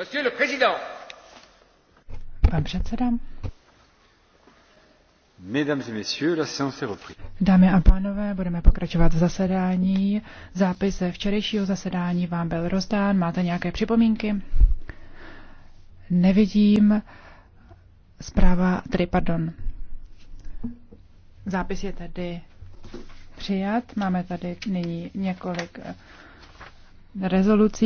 Monsieur le président. Pan předseda. Mesdames et messieurs, la séance est reprise. Dámy a pánové, budeme pokračovat v zasedání. Zápis ze včerejšího zasedání vám byl rozdán. Máte nějaké připomínky? Nevidím. Zpráva, tedy pardon. Zápis je tedy přijat. Máme tady nyní několik eh, rezolucí.